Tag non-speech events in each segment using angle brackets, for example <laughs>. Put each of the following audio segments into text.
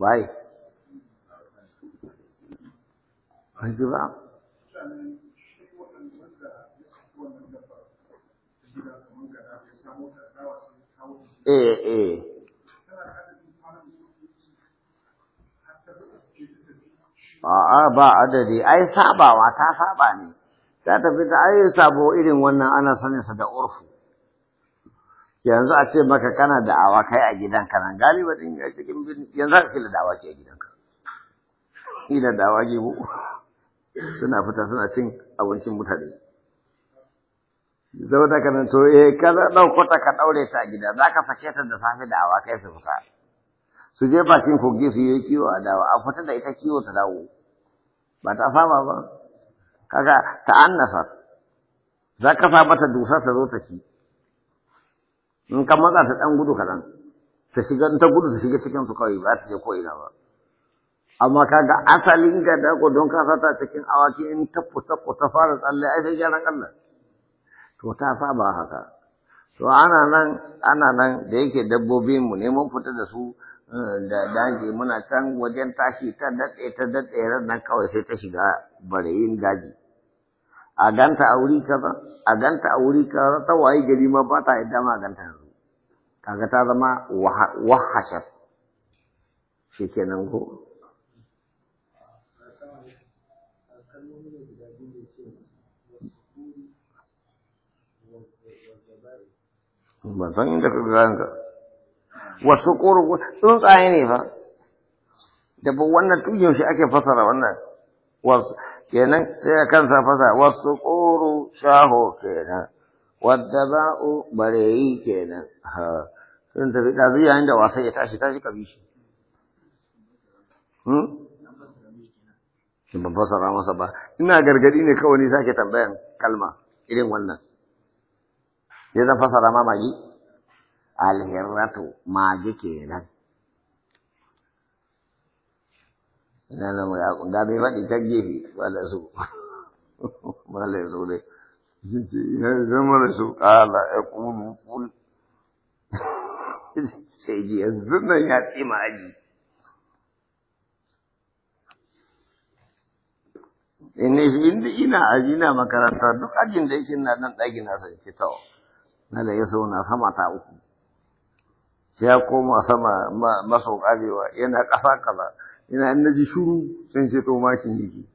Why? Why give ba eh eh A'a ba adadi, ai sabawa ta saba ne, ta tafi ta ai sabo irin wannan ana sanin sa da urfu. yanzu a ce maka kana da awa kai a gidanka nan galiba din ya cikin birni yanzu ka kila dawa ke a gidanka kila dawa ke mu suna fita suna cin abincin mutane zama da kanan to eh ka dauko ta ka daure ta a gida za ka fashe ta da safe da awa kai su fita su je bakin kogi su yi kiwo a dawa a fita da ita kiwo ta dawo ba ta fama ba kaga ta annasa za ka sa mata dusa ta zo ta ci in ka matsa ta ɗan gudu kaɗan ta shiga ta gudu ta shiga cikin su kawai ba ta je ko ina ba amma ga asalin ga da ko don ka sata cikin awaki in fita ko ta fara tsalle ai sai gyaran Allah to ta saba haka to ana nan ana nan da yake dabbobin mu ne mun fita da su eh, da daji muna can wajen tashi ta daɗe ta daɗe ran nan kawai sai ta shiga bareyin daji a ganta a wuri kaza a ganta a wuri kaza ta waye gari ma ba ta yadda ma ganta yanzu kaga ta zama wahashar shi ke nan ko ba san inda ka ganka wasu ƙoro tsuntsaye ne ba da ba wannan tun yaushe ake fasara wannan wasu kenan sai a kansa fasara wasu ƙoro shaho kenan والدباء بريئي كينا ها sun tafi ɗazu yayin da wasa ya tashi tashi ka bi shi hmm? ba fasara masa ba ina gargadi ne kawai ni sake tambayan kalma irin wannan ya zan fasara ma magi alhirratu magi kenan ina zama ya kunga bai faɗi ta gefe ba da su <laughs> ba da su dai ya zama da su ƙala ya sai ji yanzu nan ya tsima aji Ina shi inda ina aji na makaranta duk ajin da yake na nan ɗaki na sai ke na da ya na sama ta uku ya koma sama maso ƙarewa yana ƙasa kaza ina inda shiru ji shuru sun ce to makin yake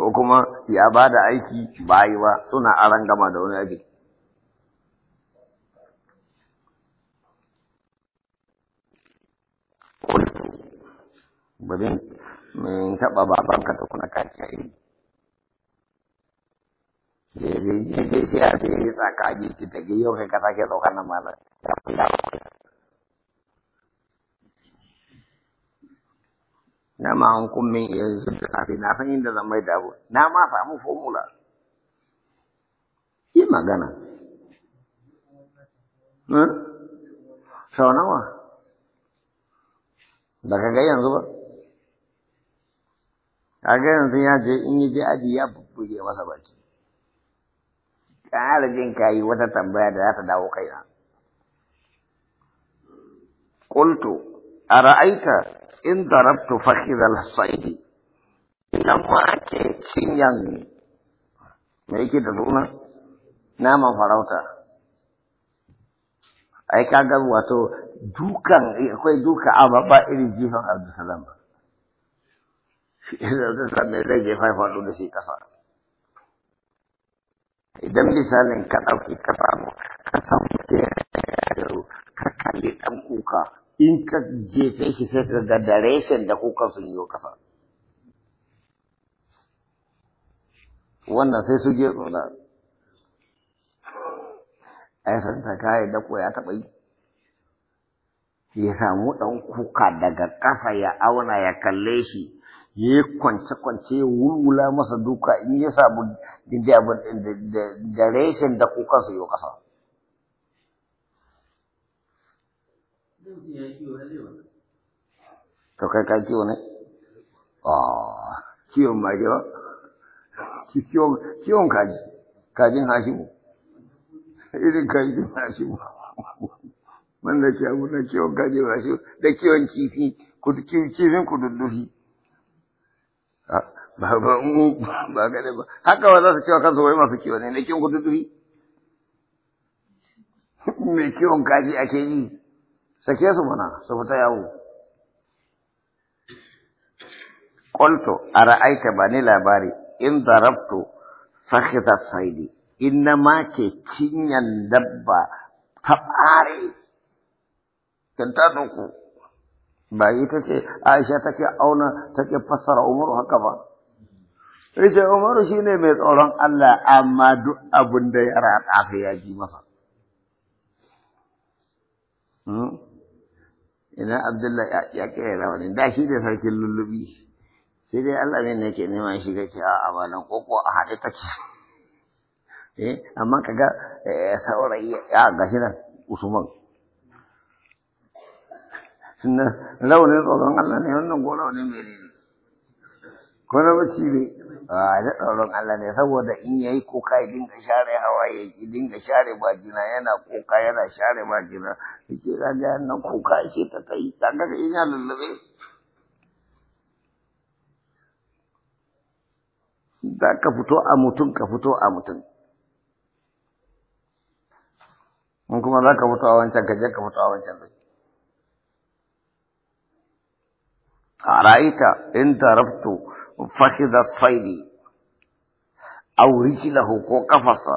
ko kuma ya ba da aiki ba yi ba suna aran gama da wani aiki. Bari mun taɓa ka da kuna kaciya yi. Daidai daidai sai a sai tsaka a jiki ta yau kai ka sake ɗaukar nan malar. na ma an kun min iya da safe na san inda zan mai dawo. na ma samu formula yi magana sau nawa ba ka ga yanzu ba ka ga yanzu ya je in yi je aji ya bubbuge masa baki ƙara jin kayi wata tambaya da za ta dawo kaina قلت أرأيت in darabtu fakhidhal saidi idan ma ake cinyan me yake da Na naman farauta ai kaga wato dukan akwai duka a iri irin jifan abdulsalam ba abdulsalam ne zai jefa faɗo da shi kasa idan misalin ka ɗauki ka samu ka ka kalli ɗan kuka in ka jefe shi sai ka ga da reshen da kuka sun yi kasa wannan sai su je tsona ai santa kayan da dako ya taɓa yi ya samu ɗan kuka daga ƙasa ya auna ya kalle shi ya yi kwance-kwance ya wulwula masa duka in ya samu daidai abin da reshen da kuka sun yi ƙasa. To kai ka kiwo ne? Ah, kiwon ba ba? Kiwon kaji, kajin hashimu. Irin kajin hashimu. Wanda ke abu na kiwon kaji ba shi da kiwon kifi, kifin kududdufi. Ba ba ba gane ba. Haka ba za su cewa kansu wai masu kiwo ne, na kiwon kududdufi? Mai kiwon kaji ake yi. sake su mana su fita yawo ra'aita ba ni labari in darabtu sakita saidi in na make cinyan dabba ta bare ta ba ba ta ce Aisha take auna take fassara Umaru haka ba Rishe Umaru shi ne mai tsoron Allah amma duk abin da ya rata ya ji masa hmm? ina abdullahi ya kira rawani da shi da sarkin lullubi sai dai Allah ne yake neman shi ga cewa a ba koko a haɗe take eh amma kaga eh, saurayi ya gashi nan usman sunan raunin tsoron Allah ne wannan ko raunin menene na bacci ne? A da tsoron Allah ne saboda in yayi kuka ya dinga share hawaye ya dinga share bajina yana kuka yana share bajina yake ga ga nan kuka ce ta kai in ya lullube za ka fito a mutum ka fito a mutum in kuma za ka fito a wancan ka je ka fito a wancan a ra'ayika in tarabtu fahida saidi au rijlahu ko kafasa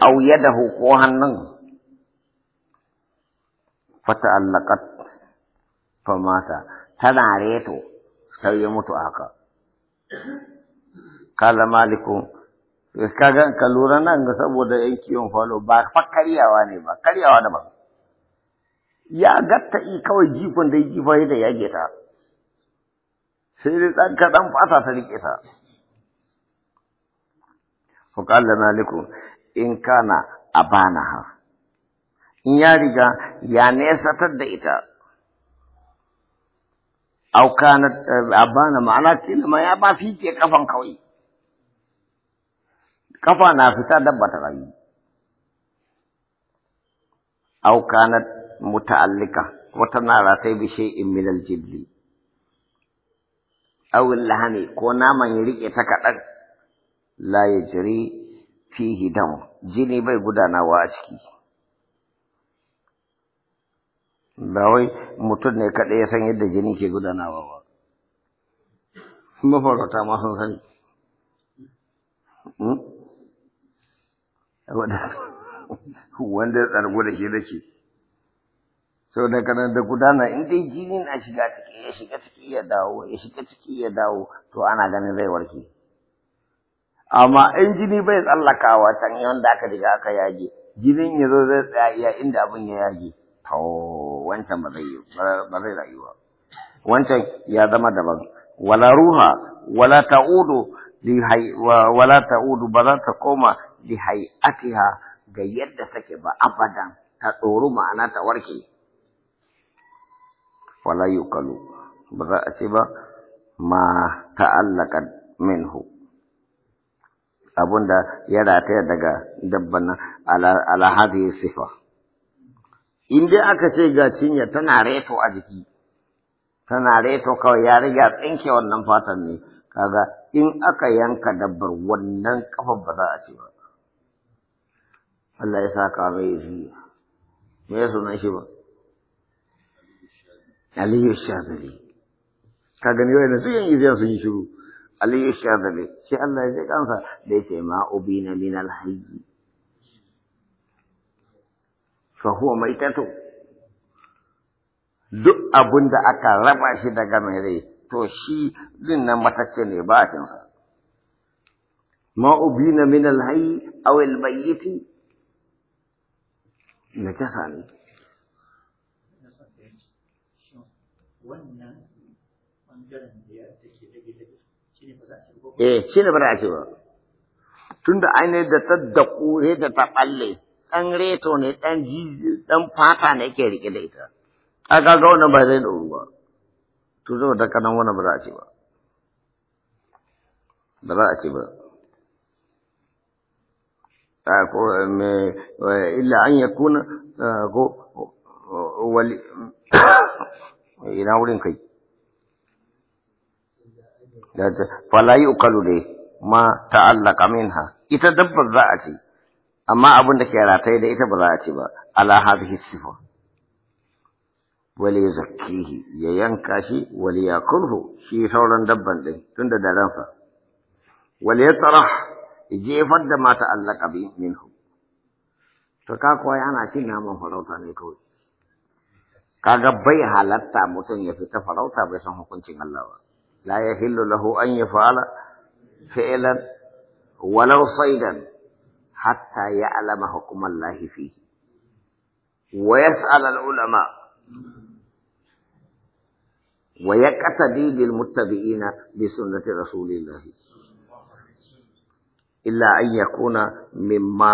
au yadahu ko hannun fata allakat mata, tana reto sai ya mutu aka kala maliku kaga ka lura nan ga saboda yan kiyon falo ba fa karyawa ne ba karyawa da ba ya gatta i kawai jifin da jifa da yage ta sai dai ɗan kaɗan fata ta riƙe ta. da maliku in kana a bana ha, in ya riga ya ta da ita, au kana eh, a bana ma'ana kilima ya ba fi ke kafan kawai. Kafa na fita dabba ta rayu. Au kana muta'allika wata na ratai bishe in minal jibli. awil lahani ko naman ya rike ta kaɗan la jiri fihi dam jini bai gudanawa a ciki ba mutum ne kaɗai yasan yadda jini ke gudanawa ba mafarauta ma sun sani hmm? wanda tsargu da shi da shi sau da kanar da gudana in dai jinin a shiga ciki ya shiga ciki ya dawo ya shiga ciki ya dawo to ana ganin zai warke amma in jini bai tsallakawa can da aka riga aka yage jinin ya zo zai tsaya iya inda abin ya yage to wancan ba zai ba zai rayu ba wancan ya zama daban wala ruha wala ta'udu li wala ta'udu ba za ta koma li hay'atiha ga yadda take ba abadan ta tsoro ma'ana ta warke wala yukalu ba za a ce ba ma ta'allaka minhu abunda ya rataya daga dabban nan ala hadhihi sifa in aka ce ga cinya tana reto a jiki tana reto kawai ya riga tsinke wannan fatan ne kaga in aka yanka dabbar wannan kafar ba za a ce ba Allah ya saka mai jiya me ya sunan shi ba Aliyu Shazali ka gani wai da sun yi sun yi shiru Aliyu Shazali shi Allah ya ji kansa da ya ce ma ubina min alhaji fa huwa maitatu duk abun da aka raba shi daga mai rai to shi din nan matacce ne ba a sa. ma ubina min alhayi aw almayyiti najasa ne wannan bangaren da ya take dage dage shine ba za a ce ba eh ba za a ce ba ainihin da ta daku ne da ta balle ɗan reto ne dan ji dan fata ne yake rike da ita aka ga wannan ba zai dauru ba to zo da kanan wannan ba za a ce ba ba za a ce ba ina wurin kai fala yi ukalu dai ma ta'allaka minha ita dabbar za a ce amma abin da ke rataye da ita ba za a ce ba ala hadhihi sifa wali zakkihi ya yanka shi wali yakulhu shi sauran dabban din tunda da ransa wali yatrah jefar da ma ta'allaka bi minhu to ka koyi ana cin naman farauta ne kawai kaga bai halatta mutum ya fita farauta bai san hukuncin Allah ba la yahillu lahu an yaf'ala fi'lan walau saydan hatta ya'lama Allah fihi wa yas'al al-ulama wa yaqtadi bil muttabi'ina bi sunnati rasulillah illa an yakuna mimma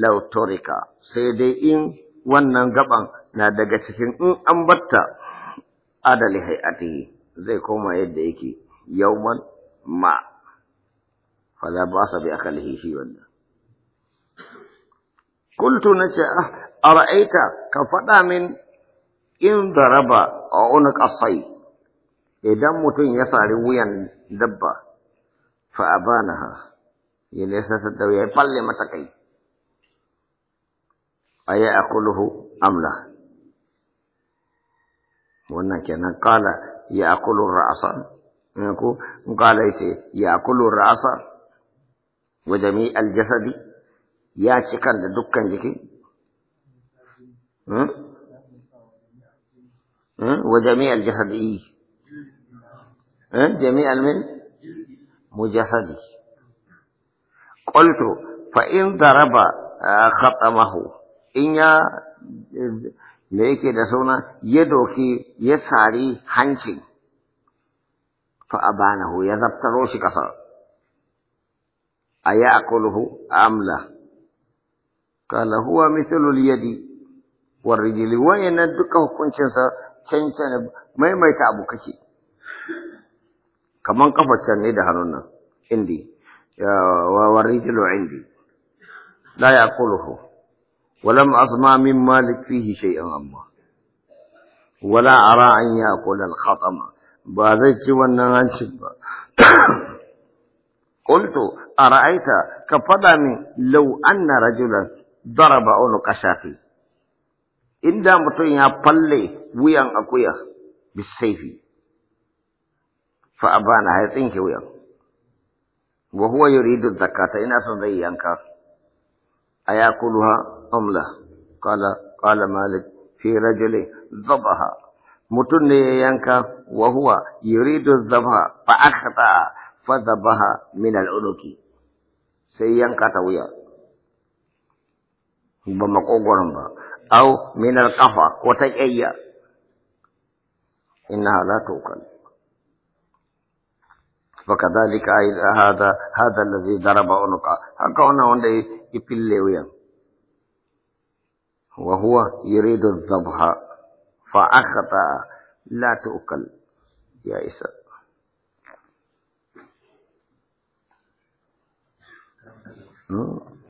law turika sai in wannan gaban na daga cikin in an batta adali hay'atihi zai koma yadda yake yauman ma fala ba sa bi akalihi shi wannan na ce a ah, ra'aita, ka faɗa min in daraba a wani ƙasai. idan mutum ya sari wuyan dabba fa ha ya nesa ta ya falle mata kai أيأكله أم لا وانا كان قال يأكل الرأس قال يأكل الرأس وجميع الجسد يا شكر لدكان جكي وجميع الجسد إيه؟ جميع المن مجسدي قلت فإن ضرب خطمه in ya da yake da suna ya doki ya sari hanci fa abanahu ya zaftaro shi kasa a ya akuluhu amla kala huwa misalul yadi war rijli wayannan duka hukuncinsa cancan maimaita abu kake kaman kafar ne da hannun nan indi wa rijlu indi la yaquluhu ولم أسمع من مالك فيه شيئا أما ولا أرى أن يأكل الخطم وأننا نشب <coughs> قلت أرأيت كفضل لو أن رجلا ضرب عنق شافي إن دامت يا بلي ويان أكويا بالسيف فأبان هيتينك ويان وهو يريد الزكاة إن أصدقائي أنك أياكلها أملة قال قال مالك في رجل ضبها متن ينكا وهو يريد الذبح فأخطأ فذبها من العنق سينكا تويا بمقوغرن أو من القفا وتكيا إنها لا توكل فكذلك هذا هذا الذي ضرب عنقه هكذا عندي يبلي وياه وهو يريد الذبح فأخطأ لا تؤكل يا إسر